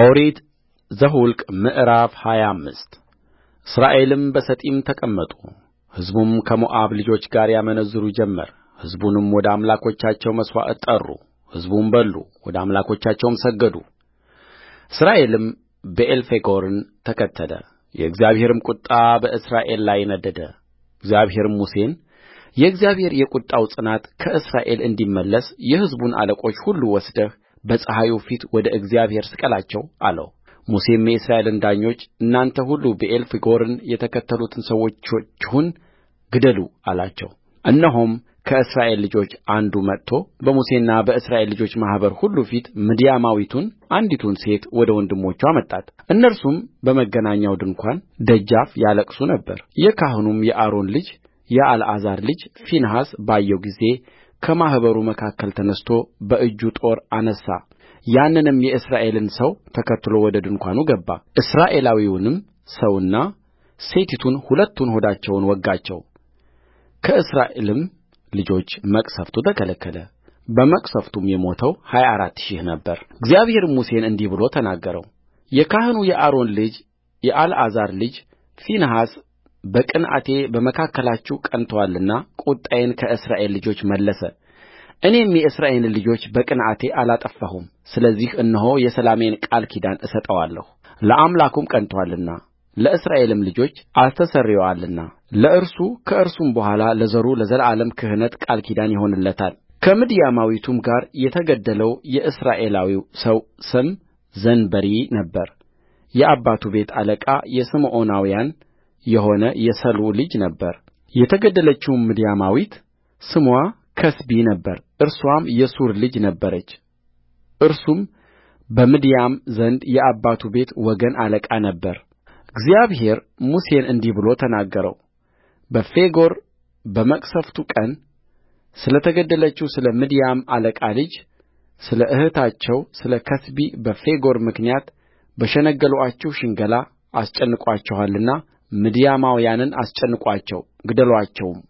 ኦሪት ዘኍልቍ ምዕራፍ ሃያ አምስት እስራኤልም በሰጢም ተቀመጡ ሕዝቡም ከሞዓብ ልጆች ጋር ያመነዝሩ ጀመር ሕዝቡንም ወደ አምላኮቻቸው መሥዋዕት ጠሩ ሕዝቡም በሉ ወደ አምላኮቻቸውም ሰገዱ እስራኤልም ብዔልፌጎርን ተከተለ የእግዚአብሔርም ቍጣ በእስራኤል ላይ ነደደ እግዚአብሔርም ሙሴን የእግዚአብሔር የቍጣው ጽናት ከእስራኤል እንዲመለስ የሕዝቡን አለቆች ሁሉ ወስደህ በፀሐዩ ፊት ወደ እግዚአብሔር ስቀላቸው አለውሙሴም የእስራኤልን ዳኞች እናንተ ሁሉ ብዔልፌጎርን የተከተሉትን ሰዎቻችሁን ግደሉ አላቸው እነሆም ከእስራኤል ልጆች አንዱ መጥቶ በሙሴና በእስራኤል ልጆች ማኅበር ሁሉ ፊት ምድያማዊቱን አንዲቱን ሴት ወደ ወንድሞቹ አመጣት እነርሱም በመገናኛው ድንኳን ደጃፍ ያለቅሱ ነበር የካህኑም የአሮን ልጅ የአልዓዛር ልጅ ፊንሐስ ባየው ጊዜ ከማኅበሩ መካከል ተነሥቶ በእጁ ጦር አነሣ ያንንም የእስራኤልን ሰው ተከትሎ ወደ ድንኳኑ ገባ እስራኤላዊውንም ሰውና ሴቲቱን ሁለቱን ሆዳቸውን ወጋቸው ከእስራኤልም ልጆች መቅሠፍቱ ተከለከለ በመቅሠፍቱም የሞተው ሀያ አራት ሺህ ነበረእግዚአብሔርም ሙሴን እንዲህ ብሎ ተናገረውየካህኑ የአሮን ልጅ የአልዓዛር ልጅ ፊንሐስ በቅንዓቴ በመካከላችሁ ቀንቶአልና ቍጣዬን ከእስራኤል ልጆች መለሰ እኔም የእስራኤልን ልጆች በቅንዓቴ አላጠፋሁም ስለዚህ እነሆ የሰላሜን ቃል ኪዳን እሰጠዋለሁ ለአምላኩም ቀንቶአልና ለእስራኤልም ልጆች አስተስርዮአልና ለእርሱ ከእርሱም በኋላ ለዘሩ ለዘላለም ክህነት ቃል ኪዳን ይሆንለታል። ከምድያማዊቱም ጋር የተገደለው የእስራኤላዊው ሰው ስም ዘንበሪ ነበረ የአባቱ ቤት አለቃ የስምዖናውያን የሆነ የሰሉ ልጅ ነበረየተገደለችውም ምድያማዊት ስምዋ ከስቢ ነበረ እርስዋም የሱር ልጅ ነበረች እርሱም በምድያም ዘንድ የአባቱ ቤት ወገን አለቃ ነበረእግዚአብሔር ሙሴን እንዲህ ብሎ ተናገረው በፌጎር በመቅሰፍቱ ቀን ስለ ተገደለችው ስለ ምድያም አለቃ ልጅ ስለ እህታቸው ስለ ከስቢ በፌጎር ምክንያት በሸነገሉአችሁ ሽንገላ አስጨንቆአችኋልና ምድያማውያንን አስጨንቁአቸው ግደሉአቸውም